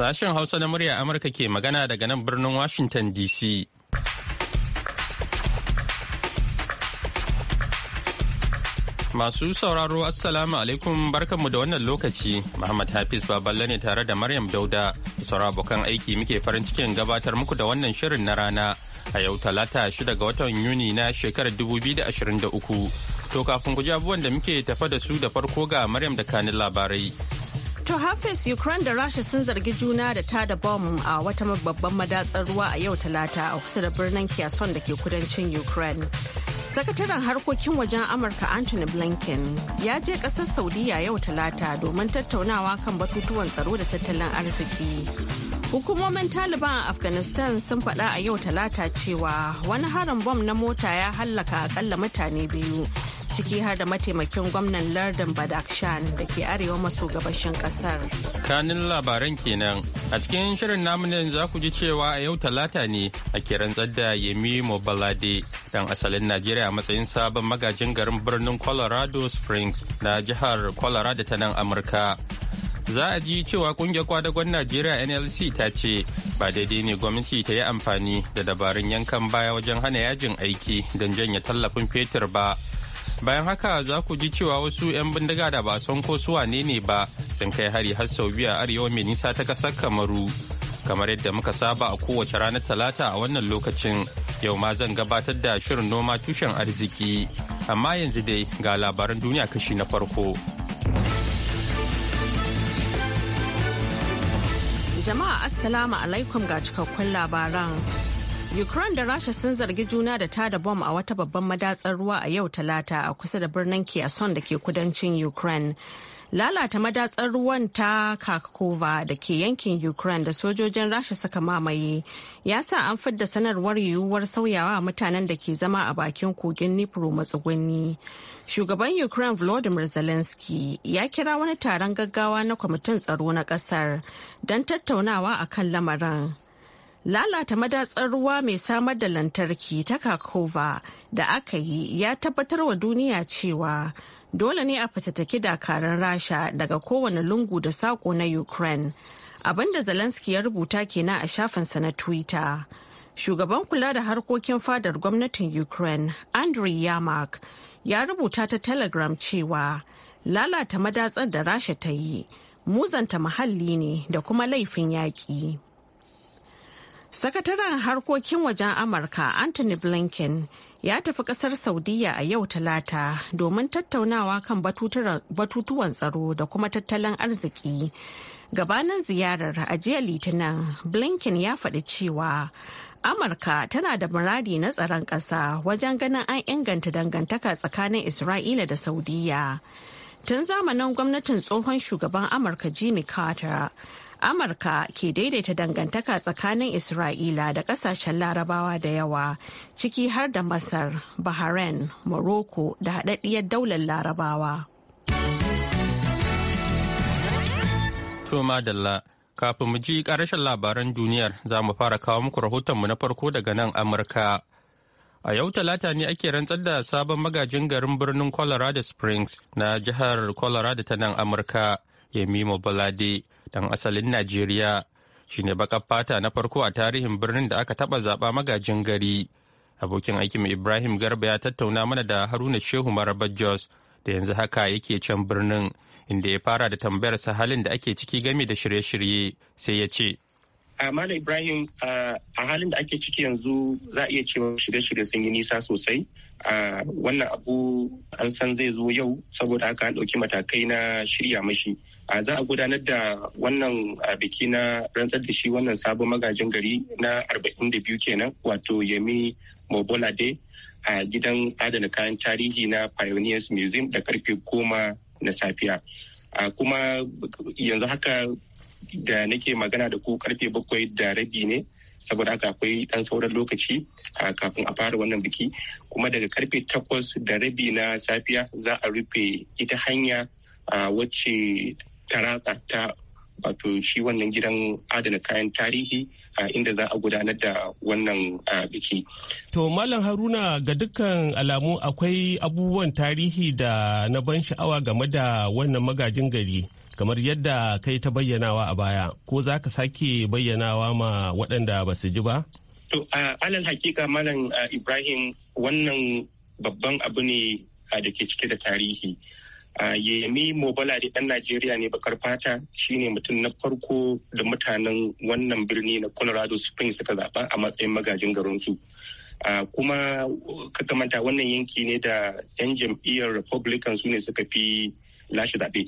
Sashen Hausa na murya Amurka ke magana daga nan birnin Washington DC. Masu sauraro Assalamu alaikum barkanmu da wannan lokaci Muhammad Hafiz Baballe ne tare da Maryam Dauda saura abokan aiki muke farin cikin gabatar muku da wannan shirin na rana a yau talata shida ga watan Yuni na shekarar 2023. To kafin ku ji abubuwan da muke tafa da su da farko ga Maryam da kanin labarai. To Hafiz Ukraine da Rasha sun zargi juna da tada bom a wata babban madatsar ruwa a yau talata a kusa da birnin Kyason da ke kudancin Ukraine. Sakataren harkokin wajen Amurka Anthony Blinken ya je ƙasar Saudiya yau talata domin tattaunawa kan batutuwan tsaro da tattalin arziki. Hukumomin Taliban a Afghanistan sun faɗa a yau talata cewa wani harin bom na mota ya hallaka akalla mutane biyu ciki har da mataimakin gwamnan lardin badakshan da ke arewa maso gabashin kasar kanin labaran kenan a cikin shirin namu ne za ku ji cewa a yau talata ne a rantsar da yemi mobalade dan asalin najeriya a matsayin sabon magajin garin birnin colorado springs na jihar colorado ta nan amurka za a ji cewa kungiyar kwadagon najeriya nlc ta ce ba daidai ne gwamnati ta yi amfani da dabarun yankan baya wajen hana yajin aiki don janye tallafin fetur ba bayan haka za ku ji cewa wasu 'yan bindiga da ba son ko su wane ne ba sun kai hari har sau biyu a arewa mai nisa ta kasar kamaru kamar yadda muka saba a kowace ranar talata a wannan lokacin yau ma zan gabatar da shirin noma tushen arziki amma yanzu dai ga labaran duniya kashi na farko jama'a assalamu alaikum ga cikakkun labaran Ukraine da Rasha sun zargi juna da tada bom a wata babban madatsar ruwa a yau talata a kusa da birnin Kherson da ke kudancin Ukraine. Lalata madatsar ruwan ta Kakova da ke yankin Ukraine da sojojin Rasha suka mamaye ya sa an fidda sanarwar yiwuwar sauyawa mutanen da ke zama a bakin kogin Nipro matsuguni. Shugaban Ukraine Volodymyr Zelensky ya kira wani taron gaggawa na kwamitin tsaro na kasar don tattaunawa a kan lamarin. lalata madatsar ruwa mai samar da lantarki ta kakova da aka yi ya tabbatar wa duniya cewa dole ne a fatattaki dakaran rasha daga kowane lungu da sako na ukraine abinda zelensky ya rubuta kenan a shafinsa na twitter shugaban kula da harkokin fadar gwamnatin ukraine andriy yamak ya rubuta ta telegram cewa lalata madatsar da rasha ta yi muzanta muhalli ne da kuma laifin yaƙi. Sakataren harkokin wajen Amurka Anthony Blinken ya tafi kasar Saudiya a yau talata domin tattaunawa kan batutuwan tsaro da kuma tattalin arziki. Gabanin ziyarar a jiya Litinin, Blinken ya faɗi cewa Amurka tana da muradi na tsaron ƙasa wajen ganin an inganta dangantaka tsakanin Isra'ila da Saudiya. Tun zamanin gwamnatin tsohon shugaban Amurka Jimmy Carter. amurka ke daidaita dangantaka tsakanin isra'ila da kasashen larabawa da yawa ciki har da masar bahrain morocco da haɗaɗɗiyar daular larabawa to madalla kafin mu ji ƙarashin labaran duniyar za mu fara kawo muku rahotonmu na farko daga nan amurka A yau talata ne ake rantsar da sabon magajin garin birnin Colorado Springs na jihar Colorado ta nan Amurka. Yemimo Balade dan asalin Najeriya shi ne bakar fata na farko a tarihin birnin da aka taba zaba magajin gari. Abokin aikin Ibrahim Garba ya tattauna mana da Haruna Shehu Maraba Jos da yanzu haka yake can birnin inda ya fara da tambayar sa halin da ake ciki game da shirye-shirye sai ya ce. Malam Ibrahim a halin da ake ciki yanzu za a iya cewa shirye-shirye sun yi nisa sosai. Wannan abu an san zai zo yau saboda haka an ɗauki matakai na shirya mashi. a za a gudanar da wannan biki na rantsar da shi wannan sabon magajin gari na 42 kenan wato yemi mobolade a gidan adana kayan tarihi na pioneers museum da karfe goma na safiya kuma yanzu haka da nake magana da ku karfe bakwai da rabi ne saboda haka akwai dan sauran lokaci kafin a fara wannan biki kuma daga karfe takwas da rabi na safiya za a rufe ita hanya wacce ta ratsa ta wato shi wannan gidan adana kayan tarihi a inda za a gudanar da wannan biki. To Malam Haruna ga dukkan alamu akwai abubuwan tarihi da na ban sha'awa game da wannan magajin gari kamar yadda kai ta bayyanawa a baya ko za ka sake bayyanawa ma waɗanda ba su ji ba? To alal hakika Malam Ibrahim wannan babban abu ne da ke cike da tarihi. yemi da ɗan najeriya ne bakar fata shine mutum na farko da mutanen wannan birni na colorado springs suka zaba a matsayin magajin garinsu kuma ka manta wannan yanki ne da 'yan jam'iyyar republican su ne suka fi lashe zaɓe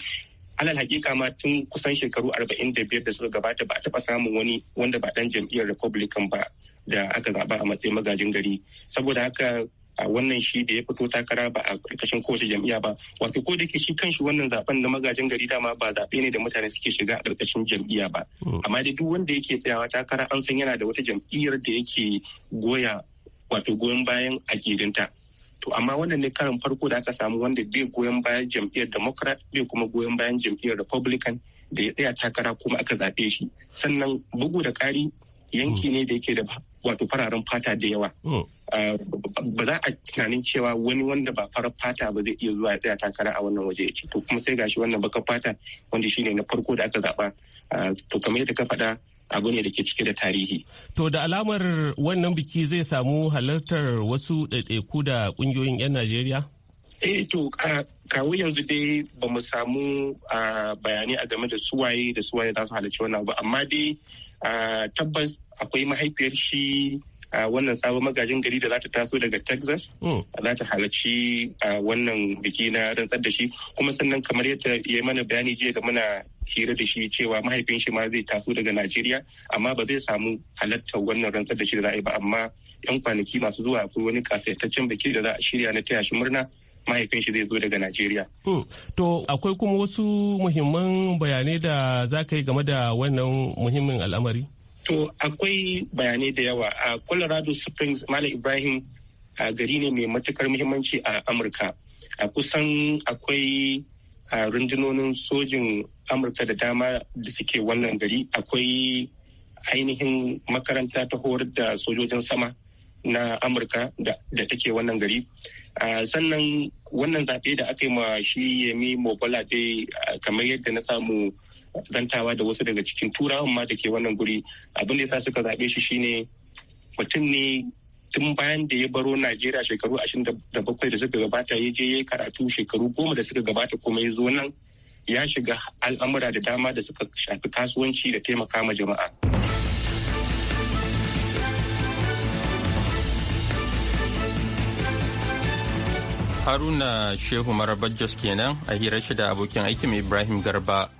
alal hakika ma tun kusan shekaru 45 da suka gabata ba a taɓa samun wani wanda ba dan jam'iyyar republican ba da aka zaɓa a matsayin magajin gari saboda haka a wannan shi da ya fito takara ba a ƙarƙashin kowace jam'iyya ba wato ko da ke shi kanshi wannan zaben na magajin gari dama ba zaɓe ne da mutane suke shiga a ƙarƙashin jam'iyya ba hmm. amma dai duk wanda yake tsayawa takara an san yana da wata jam'iyyar da yake goya wato goyon bayan a aƙidinta to amma wannan ne karin farko da aka samu wanda bai goyon bayan jam'iyyar democrat bai kuma goyon bayan jam'iyyar republican da ya tsaya takara kuma aka zaɓe shi sannan bugu da ƙari yanki ne da yake da wato fararen fata da yawa hmm. ah, ba za a tunanin cewa wani wanda ba farar fata ba zai iya zuwa ya tsaya takara a wannan waje ya ce to kuma sai gashi wannan baka fata wanda shi ne na farko da aka zaɓa ah, to kamar yadda ka faɗa abu ne da ke cike da tarihi. To da alamar wannan biki zai samu halartar wasu ɗaiɗaiku da ƙungiyoyin 'yan Najeriya? eh to kawo yanzu dai ba mu samu bayani a game da suwaye da suwaye za su halarci wannan ba amma dai tabbas akwai mahaifiyar shi wannan sabon magajin gari da za ta taso daga texas hmm. za ta halarci wannan biki na rantsar da shi kuma sannan kamar yadda ya yi mana bayani jiya da muna hira da shi cewa mahaifin shi ma zai taso daga najeriya amma ba zai samu halartar wannan rantsar da shi da za a yi ba amma yan kwanaki masu zuwa akwai wani kasaitaccen biki da za a shirya na taya shi murna mahaifin shi zai zo daga Najeriya. Hmm. To akwai kuma wasu muhimman bayanai da za ka yi game da wannan muhimmin al'amari? To akwai bayanai da yawa a Colorado Springs Malam Ibrahim a gari ne mai matukar muhimmanci a Amurka. A kusan akwai a rundunonin sojin Amurka da dama da suke wannan gari akwai ainihin makaranta ta horar da sojojin sama. na amurka da take wannan gari sannan wannan zaɓe da aka yi ma shi yemi dai kamar yadda na samu zantawa da wasu daga cikin turawan ma da ke wannan guri abin da ya sa suka zaɓe shi shine mutum ne tun bayan da ya baro najeriya shekaru ashirin da bakwai da suka gabata ya je ya yi karatu shekaru goma da suka gabata kuma ya zo nan ya shiga al'amura da dama da suka shafi kasuwanci da taimaka ma jama'a. Haruna Shehu marabar jos kenan a hirar shi da abokin aikin Ibrahim Garba.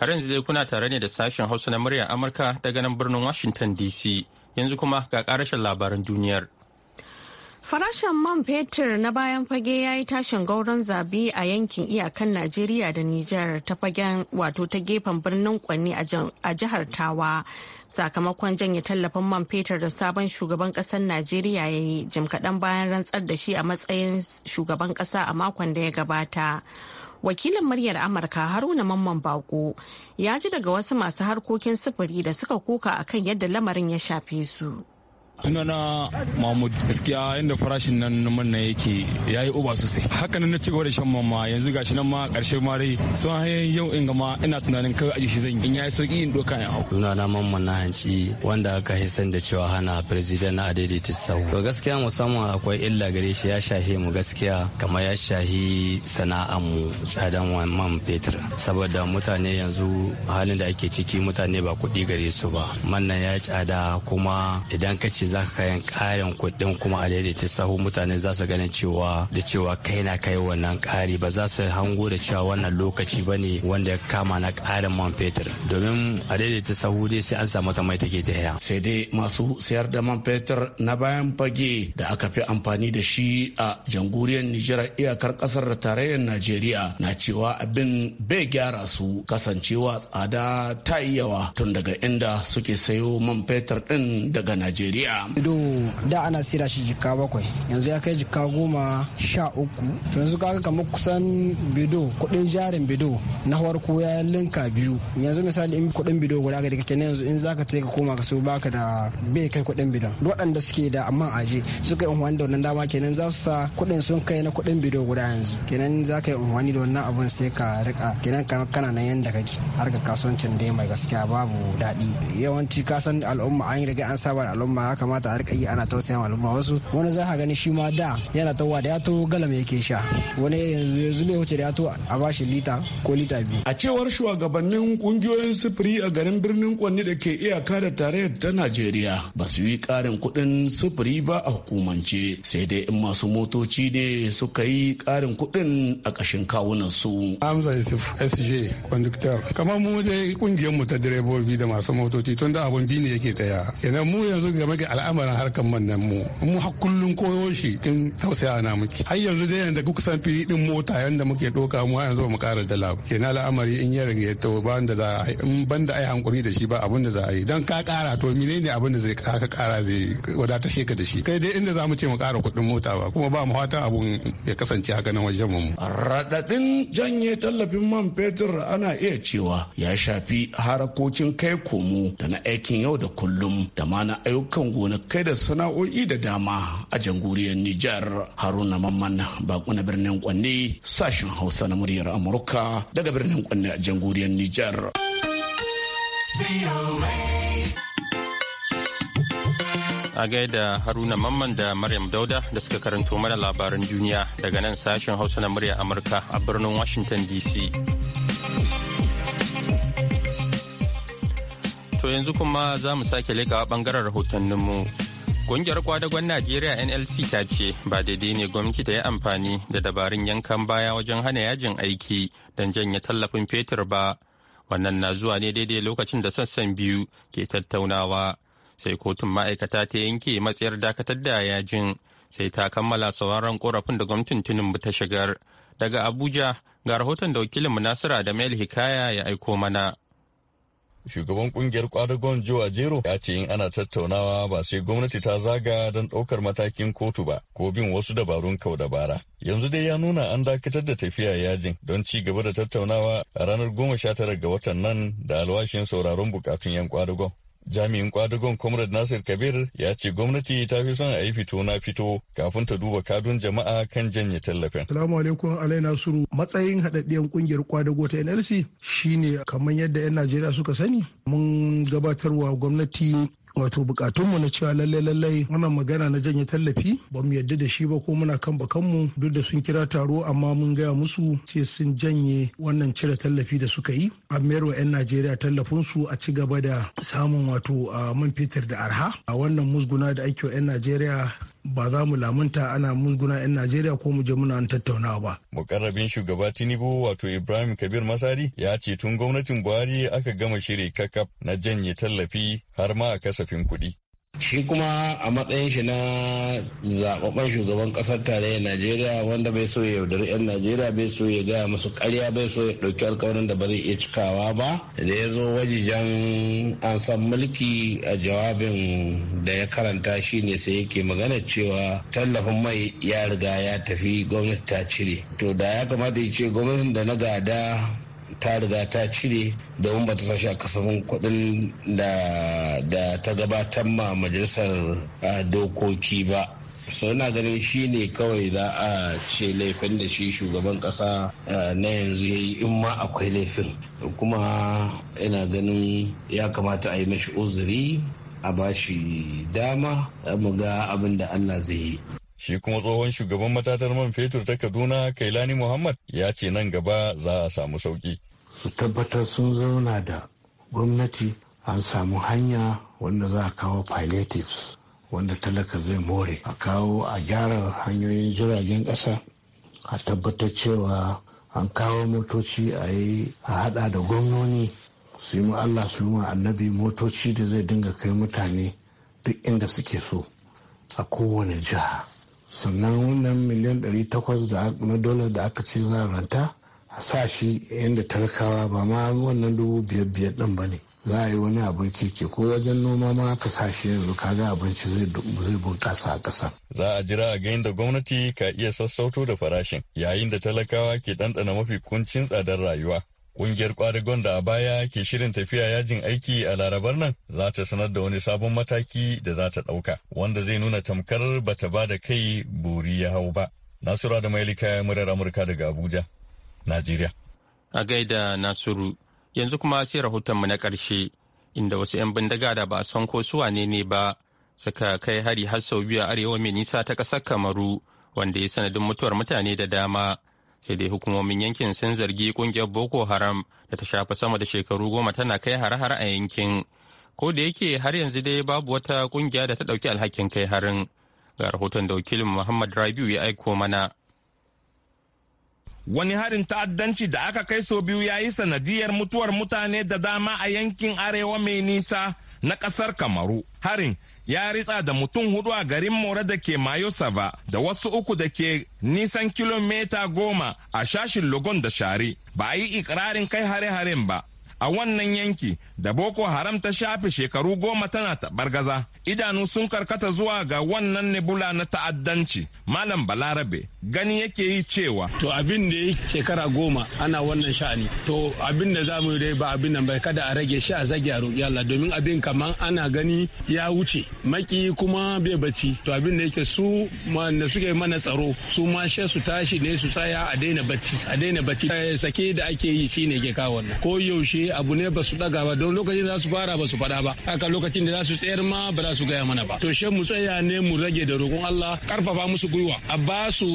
Har yanzu dai kuna tare ne da sashen Hausa na muryar Amurka daga nan birnin Washington DC. Yanzu kuma ga karashin labaran duniyar. Farashin man fetur na bayan fage ya yi tashin gauron zabi a yankin iyakan Najeriya da Nijar ta fagen wato ta gefen birnin Kwanni a jihar Tawa sakamakon janye tallafin man fetur da sabon shugaban kasar najeriya ya yi jim kaɗan bayan rantsar da shi a matsayin shugaban ƙasa a makon da ya gabata wakilin muryar amurka haruna mamman bako ya ji daga wasu masu harkokin sufuri da suka kuka akan yadda lamarin ya shafe su sunana mahmud gaskiya inda farashin nan man na yake ya yi uba sosai haka nan na ci gaba da shan mamma yanzu gashi nan ma karshe ma rai sun hanyoyin yau in gama ina tunanin kawai aji shi zan yi in ya yi sauki in doka ya hau mamman na hanci wanda aka hisan da cewa hana president na ta sau to gaskiya musamman akwai illa gare shi ya shahi mu gaskiya kama ya shahi sana'an mu tsadan man fetur saboda mutane yanzu halin da ake ciki mutane ba kuɗi gare su ba man nan ya tsada kuma idan ka ce za ka kayan ƙarin kuɗin kuma a daidaita sahu mutane za su ganin cewa da cewa kai na kai wannan ƙari ba za su hango da cewa wannan lokaci ba ne wanda ya kama na ƙarin man fetur domin a daidaita sahu dai sai an samu ta mai take ta haya. sai dai masu sayar da man fetur na bayan fage da aka fi amfani da shi a jamhuriyar nijar iyakar kasar da tarayyar najeriya na cewa abin bai gyara su kasancewa tsada ta yi yawa tun daga inda suke sayo man fetur din daga najeriya na'am ido da ana sira shi jikka bakwai yanzu ya kai jikka goma sha uku yanzu kaga kamar kusan bido kudin jarin bido na farko ya linka biyu yanzu misali in kudin bido guda ga kake ne yanzu in zaka ka koma ka so baka da bai kai kudin bido waɗanda suke da amma aje suka yi unhuwani da wannan dama kenan za su sa kudin sun kai na kudin bido guda yanzu kenan za ka yi unhuwani da wannan abun sai ka rika kenan kana nan yanda kake har ka kasuwancin dai mai gaskiya babu daɗi yawanci ka san al'umma an yi riga an saba al'umma haka kamata a rika yi ana tausaya ma al'umma wasu wani za ka gani shi ma da yana tawa da yato galam yake sha wani yanzu ne wuce da yato a bashi lita ko lita biyu. a cewar shugabannin kungiyoyin sufuri a garin birnin kwanni da ke iyaka da tarayyar ta najeriya ba su yi karin kuɗin sufuri ba a hukumance sai dai in masu motoci ne suka yi karin kuɗin a ƙashin kawunan su. amza yusuf sj conductor kamar mu dai kungiyar mu ta direbobi da masu motoci tun da abun bi ne yake daya kenan mu yanzu game da al'amarin harkar manyan mu mu har kullun koyo shi kin tausaya na miki har yanzu dai yanzu kuka san fili din mota yanda muke doka mu yanzu mu ƙara dala kenan al'amari in ya rage to ba da za a in banda ai hankuri da shi ba abin da za a yi dan ka ƙara to menene abin da zai ka ƙara zai wadata sheka da shi kai dai inda za mu ce mu ƙara kuɗin mota ba kuma ba mu fatan abun ya kasance haka nan wajen mu raɗaɗin janye tallafin man fetur ana iya cewa ya shafi harakokin kai komo da na aikin yau da kullum da ma na ayyukan gonakai da sana'o'i da dama a jamhuriyar Nijar Haruna Mamman bako na birnin Kwanne sashen Hausa na muryar Amurka daga birnin Kwanne a jamhuriyar Nijar. A gaida Haruna Mamman da Maryam Dauda da suka karanto mana labaran duniya daga nan sashen Hausa na muryar Amurka a birnin Washington DC. To yanzu kuma za mu sake bangaren ɓangaren rahotanninmu. Ƙungiyar kwadagon Najeriya NLC ta ce ba daidai ne gwamnati ta yi amfani da dabarun yankan baya wajen hana yajin aiki don janye tallafin fetur ba. Wannan na zuwa ne daidai lokacin da sassan biyu ke tattaunawa. Sai kotun ma'aikata ta yanke matsayar dakatar da yajin sai ta kammala sauraron korafin da gwamnatin Tinubu ta shigar. Daga Abuja ga rahoton da wakilin da mail Hikaya ya aiko mana. Shugaban kungiyar kwadagon Joe jero ya ce in ana tattaunawa ba sai gwamnati ta zaga don ɗaukar matakin kotu ba ko bin wasu dabarun kau dabara. Yanzu dai ya nuna an dakatar da tafiya yajin don ci gaba da tattaunawa a ranar goma sha tara ga watan nan da alwashin sauraron bukatun 'yan kwadagon. Jami'in kwadagon Comrade Nasir Kabir ya ce gwamnati ta fi son a yi fito na fito kafin ta duba kadun jama'a kan janye tallafin. Salamu alaikum Alai Nasiru matsayin haɗaɗɗiyar ƙungiyar kwadago ta NLC shine kamar yadda 'yan Najeriya suka sani mun gabatarwa gwamnati wato bukatunmu na cewa lalle lallai wannan magana na janye tallafi ba mu yadda da shi ba ko muna kan bakanmu duk da sun kira taro amma mun gaya musu sai sun janye wannan cire tallafi da suka yi a wa 'yan najeriya tallafin su a ci gaba da samun wato a man fetur da arha a wannan musguna da ake 'yan najeriya ba za mu lamunta ana musguna 'yan Najeriya ko mu je muna tattaunawa ba. Mukarrabin shugaba Tinubu wato Ibrahim Kabir Masari ya ce tun gwamnatin Buhari aka gama shiri kakaf na janye tallafi har ma a kasafin kuɗi. shi kuma a matsayin shi na zaɓaɓɓen shugaban ƙasar tarayyar najeriya wanda bai so ya yaudari 'yan najeriya bai so ya gaya musu karya bai so ya ɗauki alkawarin da ba zai iya cikawa ba da ya zo wajijen an san mulki a jawabin da ya karanta shi ne sai yake magana cewa tallafin mai ya riga ya tafi gwamnati ta cire to da ya kamata ya ce gwamnatin da na gada ta riga ta cire domin ba ta sashi a kasafin kuɗin da ta gabatar ma majalisar dokoki ba so na ganin shi ne kawai za a ce laifin da shi shugaban kasa na yanzu ya yi in ma akwai laifin kuma ina ganin ya kamata a yi mashi uzuri a ba shi dama mu ga abin da allah zai yi shi kuma tsohon shugaban matatar man fetur ta kaduna kailani muhammad ya ce nan gaba za a samu sauki su tabbatar sun zauna da gwamnati an samu hanya wanda za a kawo palliatives wanda talaka zai more a kawo a gyara hanyoyin jiragen ƙasa a tabbatar cewa an kawo motoci a yi a hada da gwamnoni su yi Allah su yi annabi motoci da zai dinga kai mutane duk inda suke so a kowane jiha sannan wannan miliyan 800 na dola da aka ce za a ranta a sa shi yadda talakawa ba ma wannan dubu biyar biyar ɗin ba ne za a yi wani abin kirki ko wajen noma ma ka sa shi yanzu kaga abinci zai zai bunƙasa a ƙasa. Za a jira a gayin da gwamnati ka iya sassauto da farashin yayin da talakawa ke ɗanɗana mafi kuncin tsadar rayuwa. Ƙungiyar kwadagon da a baya ke shirin tafiya yajin aiki a larabar nan za ta sanar da wani sabon mataki da za ta ɗauka wanda zai nuna tamkar bata ba da kai buri ya hau ba. Nasura da Mailika murar Amurka daga Abuja. Najeriya. A gaida Nasiru, yanzu kuma sai rahotonmu na ƙarshe, inda wasu 'yan bindiga da ba a san ko su wane ne ba suka kai hari har sau biyu a arewa mai nisa ta ƙasar Kamaru, wanda ya sanadin mutuwar mutane da dama. Sai dai hukumomin yankin sun zargi ƙungiyar Boko Haram da ta shafa sama da shekaru goma tana kai har-har a yankin. Ko da yake har yanzu dai babu wata ƙungiya da ta ɗauki alhakin kai harin. Ga rahoton da wakilin Muhammad Rabiu ya aiko mana wani harin ta'addanci da aka kai sau biyu ya yi sanadiyar mutuwar mutane da dama a yankin arewa mai nisa na kasar kamaru harin ya ritsa da mutum hudu a garin more da ke mayo mayosava da wasu uku da ke nisan kilomita goma a shashin logon da shari ba a yi ikirarin kai hare-haren ba a wannan yanki da Boko Haram ta shafe shekaru goma tana gaza Idanu sun karkata zuwa ga wannan nebula na ta'addanci. Malam Balarabe gani yake yi cewa. To abin da yi shekara goma ana wannan sha'ani. To abin da zamu dai ba abin nan bai kada a rage sha a zage a roƙi Allah domin abin kaman ana gani ya wuce. Maki kuma bai bacci. To abin da yake su da suke mana tsaro su ma she su tashi ne su tsaya a daina bacci. A daina bacci. Eh, sake da ake yi shine ke kawo wannan. Ko yaushe abu ne ba su daga ba don lokacin da za su fara ba su faɗa ba haka lokacin da za su tsayar ma ba za su gaya mana ba to she mu tsaya ne mu rage da roƙon Allah karfafa musu gwiwa a ba su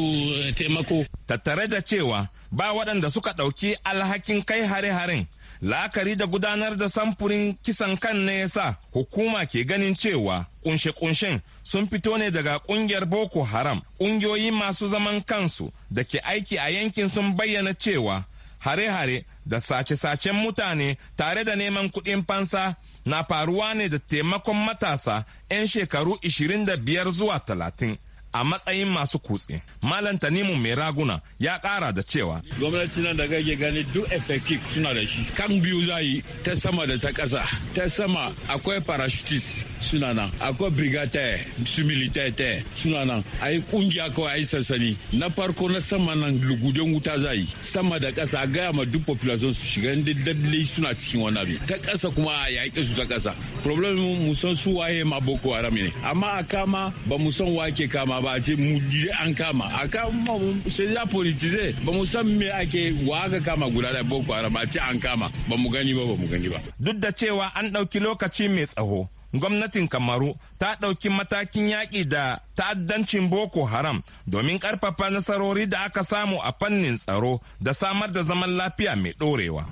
eh, taimako tattare da cewa ba waɗanda suka ɗauki alhakin kai hare-haren la'akari da gudanar da samfurin kisan kan na yasa hukuma ke ganin cewa kunshe-kunshen sun fito ne daga kungiyar boko haram kungiyoyi masu zaman kansu da ke aiki a yankin sun bayyana cewa hare-hare da sace-sacen mutane tare da neman kuɗin fansa na faruwa ne da taimakon matasa 'yan shekaru 25 zuwa 30 a matsayin masu kutse. Malam Tanimu mai raguna ya kara da cewa. Gwamnati nan da gage gani duk efektif suna da shi. Kan biyu za yi ta sama da ta ƙasa. Ta sama akwai parachutist suna nan. Akwai brigataire su militaire suna nan. A yi kungiya kawai a yi sansani Na farko na sama nan lugudan wuta za yi. Sama da ƙasa a gaya ma duk population su shiga inda dalilai suna cikin wani abu. Ta ƙasa kuma a yaƙe su ta ƙasa. Problem mu san su waye ma Boko Haram ne. Amma a kama ba mu san wake kama ba a ce mu an kama a kama sai ya politize ba mu san me ake wa aka kama guda da boko haram a ce an kama ba mu gani ba ba mu gani ba duk da cewa an ɗauki lokaci mai tsaho gwamnatin kamaru ta ɗauki matakin yaƙi da ta'addancin boko haram domin ƙarfafa nasarori da aka samu a fannin tsaro da samar da zaman lafiya mai ɗorewa.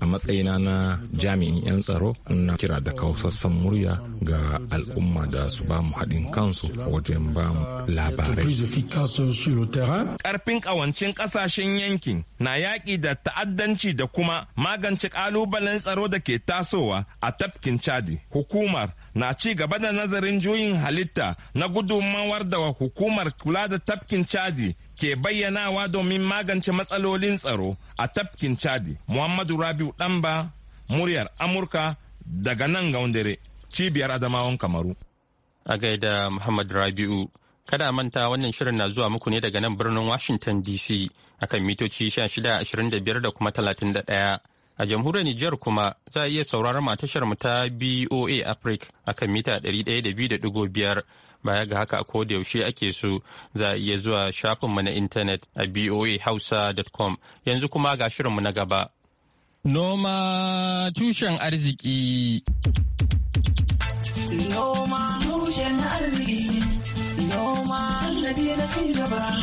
a matsayina na jami'in 'yan tsaro na kira da kausassan murya ga al'umma da su ba mu haɗin kansu wajen ba mu labarai ƙarfin ƙawancin ƙasashen yankin na yaƙi da ta'addanci da kuma magance ƙalubalen tsaro da ke tasowa a tafkin chadi hukumar na ci gaba da nazarin juyin halitta na gudummawar da hukumar kula da tafkin chadi ke bayyanawa domin magance matsalolin tsaro a tafkin chadi muhammadu rabiu ɗanba muryar amurka daga nan gaundare cibiyar adamawan kamaru a gaida muhammadu rabiu kada manta wannan shirin na zuwa muku ne daga nan birnin washington dc akan mitoci 1625 da kuma 31 A jamhuriyar Nijar kuma za a iya sauraron tashar mu ta BOA Africa akan mita 102.5 baya ga haka ko da yaushe ake so za a iya zuwa shafin mu na intanet a boahausa.com yanzu kuma ga shirinmu na gaba. Noma tushen arziki. Noma tushen arziki. Noma na gaba.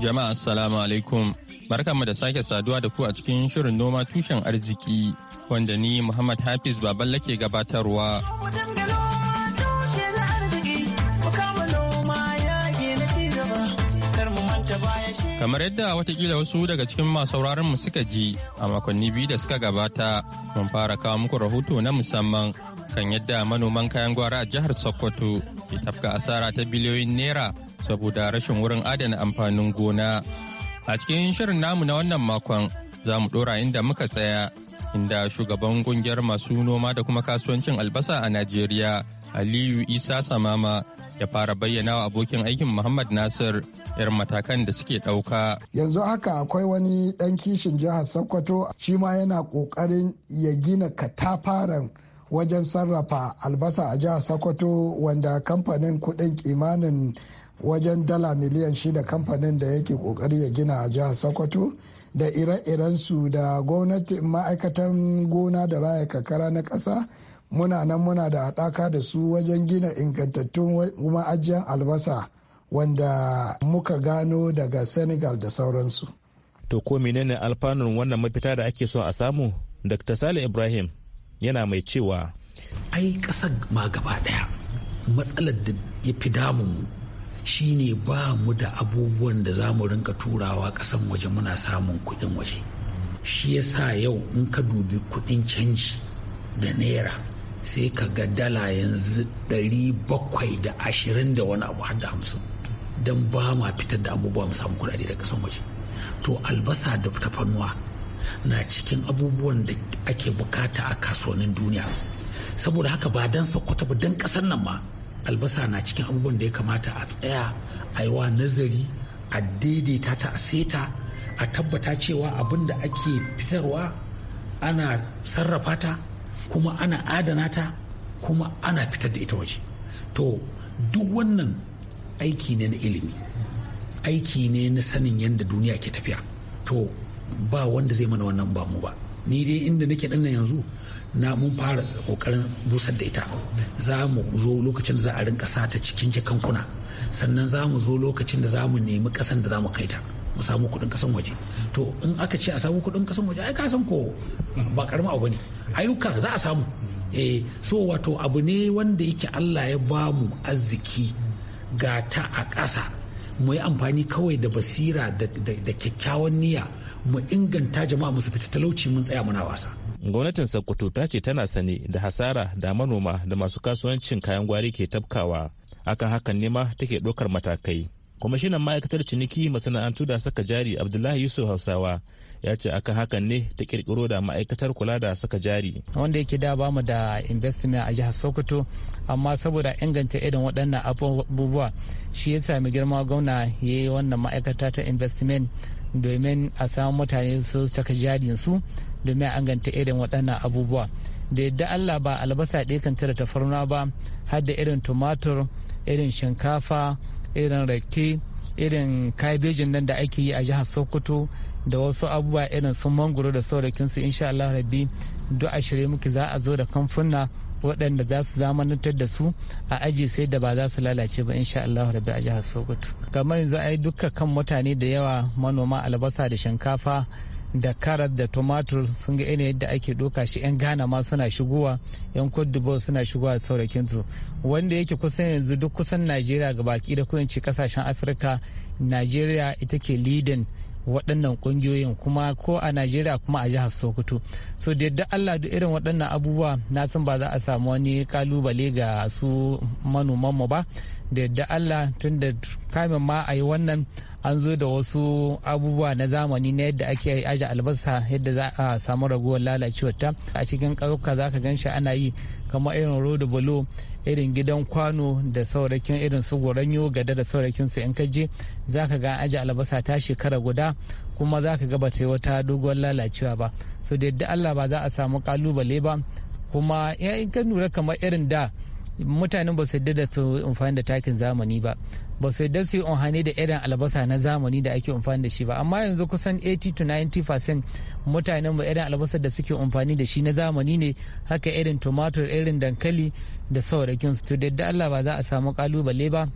Jama'a assalamu alaikum. mu da sake saduwa da ku a cikin shirin noma tushen arziki wanda ni Muhammad Hafiz Baballe ke gabatarwa. Kamar yadda watakila wasu daga cikin masu mu suka ji a makonni biyu da suka gabata mun fara kawo muku rahoto na musamman kan yadda manoman kayan gwara a jihar Sokoto ke tafka asara ta biliyoyin naira saboda rashin wurin adana amfanin gona. A cikin shirin namu na wannan makon za mu ɗora inda muka tsaya inda shugaban kungiyar masu noma da kuma kasuwancin albasa a Najeriya Aliyu Isa Samama ya fara bayyana wa abokin aikin Muhammad Nasir yar matakan da suke ɗauka. Yanzu haka akwai wani ɗan kishin jihar Sokoto shi ma yana ƙoƙarin ya gina katafaren wajen sarrafa albasa a jihar Sokoto wanda kamfanin kuɗin kimanin wajen dala miliyan shida kamfanin da yake kokari ya gina a jihar sokoto da ire-irensu da gwamnati ma'aikatan gona da raya kakara na ƙasa muna nan muna da haɗaka da su wajen gina ingantattun ma'ajiyar albasa wanda muka gano daga senegal da sauransu to ko menene alfanun wannan mafita da ake so a samu dr sale ibrahim yana mai cewa ai ƙasar ma gaba ɗaya matsalar da ya fi damun shine ba mu da abubuwan da za mu rinka turawa kasan waje muna samun kuɗin waje shi ya sa yau in ka dubi kuɗin canji da naira sai ka ga dala yanzu ɗari bakwai da ashirin da wani abu har da hamsin don ba ma fitar da abubuwa mu samu kudade da kasan waje to albasa da tafarnuwa na cikin abubuwan da ake bukata a kasuwannin duniya saboda haka ba don sakwata ba don ƙasar nan ma albasa na cikin abubuwan da ya kamata a tsaya a yi wa nazari a daidaita ta a seta a tabbata cewa abin da ake fitarwa ana sarrafa ta kuma ana adana ta kuma ana fitar da ita waje to duk wannan aiki ne na ilimi aiki ne na sanin yadda duniya ke tafiya to ba wanda zai mana wannan ba mu ba ni dai inda nake ɗan yanzu na mun fara kokarin busar da ita za mu zo lokacin da za a rinka sata cikin jakankuna sannan za mu zo lokacin da za mu nemi kasan da za mu kai ta mu samu kudin kasan waje to in aka ce a samu kudin kasan waje ai ka san ko ba karamin abu ne ayyuka za a samu eh so wato abu ne wanda yake Allah ya ba mu arziki ga ta a ƙasa mu yi amfani kawai da basira da kyakkyawan niyya mu inganta jama'a mu su fita talauci mun tsaya muna wasa gwamnatin sokoto ta ce tana sane da hasara da manoma da masu kasuwancin kayan gwari ke tafkawa akan hakan ne ma take ɗaukar matakai kwamishinan ma'aikatar ciniki masana'antu da saka jari abdullahi yusuf hausawa ya ce akan hakan ne ta kirkiro da ma'aikatar kula da saka jari wanda yake da ba mu da investment a jihar sokoto amma saboda inganta irin waɗannan abubuwa shi ya sami girma gwamna ya yi wannan ma'aikata ta investment domin a samu mutane su saka jarin su domin a inganta irin waɗannan abubuwa da yadda allah ba albasa ɗaya kan cire tafarnuwa ba har da irin tumatur irin shinkafa irin rake irin kabejin nan da ake yi a jihar sokoto da wasu abubuwa irin sun mangoro da saurakin su insha allah rabbi duk a shirye muke za a zo da kamfuna waɗanda za su zamanantar da su a aji sai da ba za su lalace ba insha Allah rabbi a jihar Sokoto. Kamar yanzu ai duka kan mutane da yawa manoma albasa da shinkafa da karas da tomatur sun ga yanayin yadda ake doka shi yan ghana ma suna shigowa yan cote suna shigowa saurakin su wanda yake kusan yanzu duk kusan najeriya ga baki da kudanci kasashen afirka najeriya ita ke leading waɗannan ƙungiyoyin kuma ko a najeriya kuma a jihar sokoto so da yadda allah da irin waɗannan abubuwa na san ba za a samu wani kalubale ga su manoman mu ba da yadda allah tun da kamin ma a yi wannan an zo da wasu abubuwa na zamani na yadda ake aje albasa yadda za a samu raguwar lalacewar ta a cikin ƙauyuka za ka gan shi ana yi kamar irin rodo bulo irin gidan kwano da saurakin irin su goranyo gada da saurakin su in kaje za ka ga aje albasa ta shekara guda kuma za ka ga ba ta yi wata doguwar lalacewa ba so da yadda allah ba za a samu kalubale ba kuma in ka lura kamar irin da mutane ba su yarda da su amfani da takin zamani ba ba su yarda su yi amfani da irin albasa na zamani da ake amfani da shi ba amma yanzu kusan 80 to 90 percent mutanen mu irin albasa da suke amfani da shi na zamani ne haka irin tomato irin dankali da saurakin su to da Allah ba za a samu kalubale ba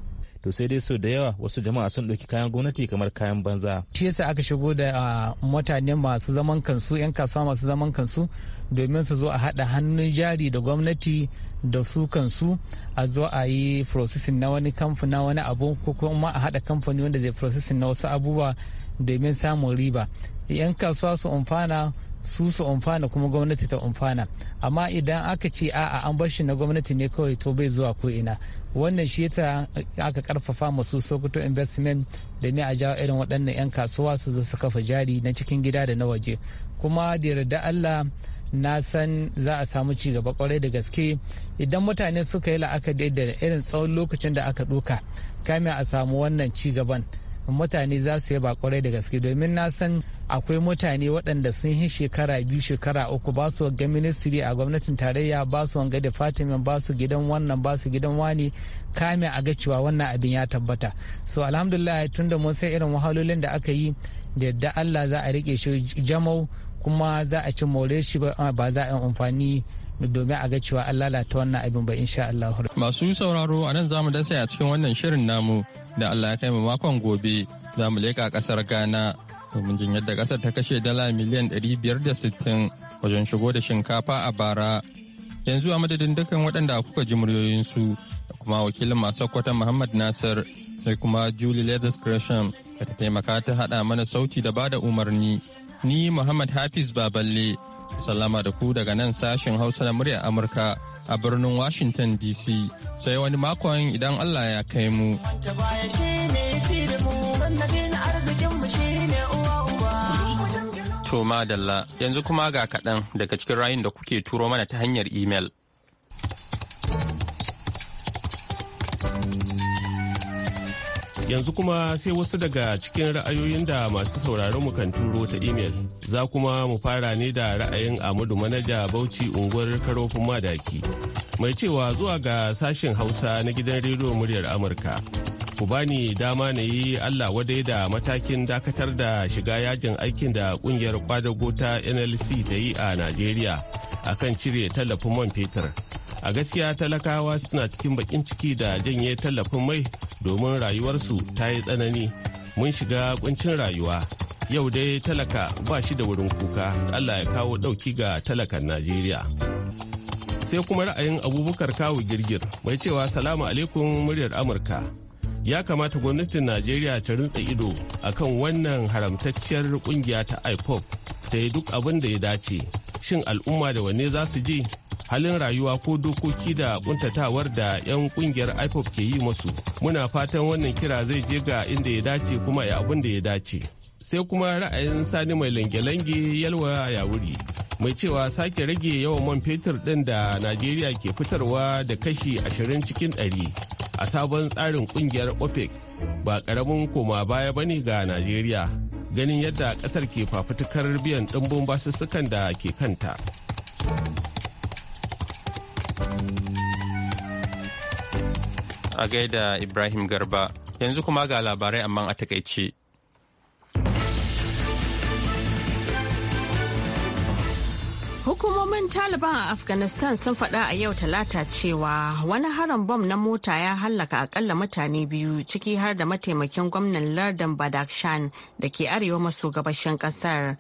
to sai dai so da yawa wasu jama'a sun ɗauki kayan gwamnati kamar kayan banza. shi yasa aka shigo da mutane masu zaman kansu 'yan kasuwa masu zaman kansu domin su zo a haɗa hannun jari da gwamnati da su kansu a zo a yi processing na wani kamfani na wani abu ko kuma a haɗa kamfani wanda zai processing na wasu abubuwa domin samun riba yan kasuwa su amfana su su amfana kuma gwamnati ta amfana amma idan aka ce a'a an bar shi na gwamnati ne kawai to bai zuwa ko ina wannan shi ta aka karfafa masu sokoto investment domin a jawo irin waɗannan 'yan kasuwa su zo su kafa jari na cikin gida da na waje kuma da yarda allah na san za a samu ci gaba kwarai da gaske idan mutane suka yi la'akari da irin tsawon lokacin da aka duka kame a samu wannan ci gaban mutane za su yi ba kwarai da gaske domin na san akwai mutane waɗanda sun yi shekara biyu shekara uku ba su ga ministry a gwamnatin tarayya ba su wanga department ba su gidan wannan ba su gidan wani kame a ga cewa wannan abin ya tabbata so alhamdulillah tunda mun sai irin wahalolin da aka yi da yadda allah za a rike shi jamau kuma za a ci more shi ba za a yi amfani domin a ga cewa an lalata wannan abin ba insha Allah. Masu sauraro a nan zamu dasa a cikin wannan shirin namu da Allah ya kai mu makon gobe za mu leƙa ƙasar Ghana domin jin yadda ƙasar ta kashe dala miliyan ɗari biyar da sittin wajen shigo da shinkafa a bara. Yanzu a madadin dukkan waɗanda kuka ji muryoyinsu da kuma wakilin masu kwata Muhammad Nasir sai kuma Julie Leathers Gresham ta taimaka ta haɗa mana sauti da bada umarni. Ni Muhammad Hafiz Baballe, sallama da ku daga nan sashen Hausa na muryar Amurka a birnin Washington DC. Sai wani makon idan Allah ya kai mu. To madalla yanzu kuma ga kaɗan daga cikin rayun da kuke turo mana ta hanyar imel. Yanzu kuma sai wasu daga cikin ra'ayoyin da masu sauraron mu kan turo ta imel. Za kuma mu fara ne da ra'ayin Amadu Manaja Bauchi unguwar Karofin Madaki. Mai cewa zuwa ga sashen Hausa na gidan rediyo muryar Amurka. Ku bani dama na yi Allah wadai da matakin dakatar da shiga yajin aikin da kungiyar kwadago ta NLC ta yi a Najeriya akan cire tallafin man fetur. a gaskiya talakawa suna cikin bakin ciki da janye tallafin mai domin rayuwarsu ta yi tsanani mun shiga kuncin rayuwa yau dai talaka ba shi da wurin kuka allah ya kawo ɗauki ga talakan najeriya sai kuma ra'ayin abubakar kawo girgir mai cewa salamu alaikum muryar amurka ya kamata gwamnatin najeriya ta rintsa ido akan wannan haramtacciyar kungiya ta ipop ta yi duk abin da ya dace shin al'umma da wanne za su je halin rayuwa ko dokoki da buntatawar da 'yan kungiyar ipop ke yi masu muna fatan wannan kira zai je ga inda ya dace kuma ya abin da ya dace sai kuma ra'ayin sani mai lange-lange yalwa ya wuri mai cewa sake rage yawan man fetur ɗin da najeriya ke fitarwa da kashi ashirin cikin ɗari a sabon tsarin kungiyar opec ba ƙaramin koma baya bane ga najeriya ganin yadda ƙasar ke fafutukar biyan ɗimbin basussukan da ke kanta. A gaida Ibrahim Garba, yanzu kuma ga labarai amma a takaice. Hukumomin Taliban a Afghanistan sun faɗa a yau talata cewa wani harin bom na mota ya hallaka akalla mutane biyu ciki har da mataimakin gwamnan lardin Badakhshan da ke arewa maso gabashin ƙasar.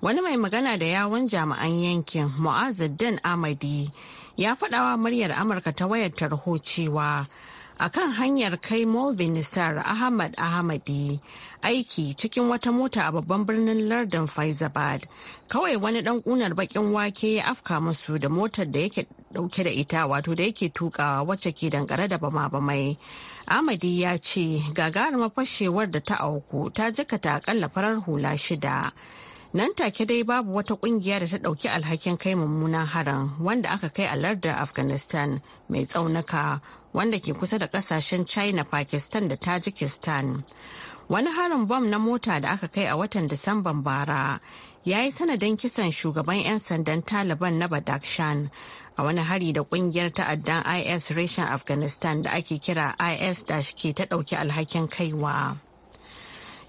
Wani mai magana da yawon jami'an yankin Mu'azzuddin Amadi ya faɗawa muryar Amurka ta wayar tarho cewa a kan hanyar kai Nisar Ahmad Ahmadi aiki cikin wata mota a babban birnin lardin Faizabad. Kawai wani ɗan ƙunar bakin wake ya afka musu da motar da yake ɗauke da ita wato da yake tukawa wacce ke dangare da bama bamai. Ahmadi ya ce gagarumar fashewar da ta auku ta jikata akalla farar hula shida. Nan take dai babu wata kungiya da ta dauki alhakin kai mummunan harin wanda aka kai a lardin Afghanistan mai tsaunuka wanda ke kusa da kasashen china pakistan da tajikistan wani harin bom na mota da aka kai a watan disamban bara ya yi sanadin kisan shugaban 'yan sandan taliban na badakshan a wani hari da kungiyar ta'addan is reshen afghanistan da ake kira is ke ta dauki alhakin kaiwa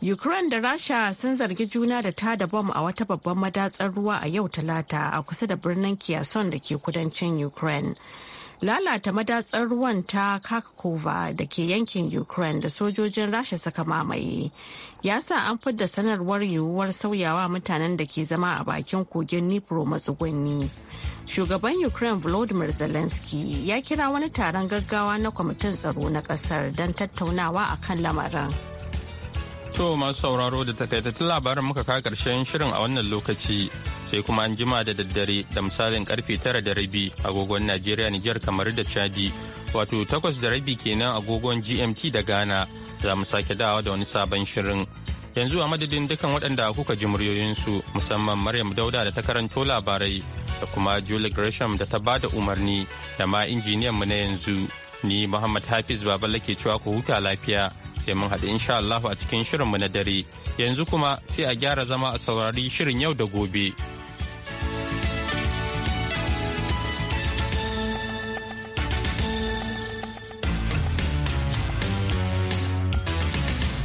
ukraine da rasha sun zargi juna da tada bom a wata babban madatsar ruwa a yau talata a kusa da birnin kyason da ke kudancin ukraine lalata madatsar ruwan ta kakakova da ke yankin ukraine da sojojin rasha suka mamaye ya sa an fidda sanarwar yiwuwar sauyawa mutanen da ke zama a bakin kogin nipro matsugunni shugaban ukraine volodymyr zelensky ya kira wani taron gaggawa na kwamitin tsaro na kasar don tattaunawa a kan lamarin to masu sauraro da takaitattun labarin muka kawo karshen shirin a wannan lokaci sai kuma an jima da daddare da misalin karfe tara da rabi agogon najeriya nijar kamar da chadi wato takwas da rabi kenan agogon gmt da ghana za mu sake dawa da wani sabon shirin yanzu a madadin dukan waɗanda kuka ji muryoyinsu musamman maryam dauda da ta karanto labarai da kuma julie gresham da ta bada umarni da ma injiniyan mu na yanzu ni muhammad hafiz babalake cewa ku huta lafiya sai mun haɗu insha Allah a cikin shirinmu na dare yanzu kuma sai a gyara zama a saurari shirin yau da gobe.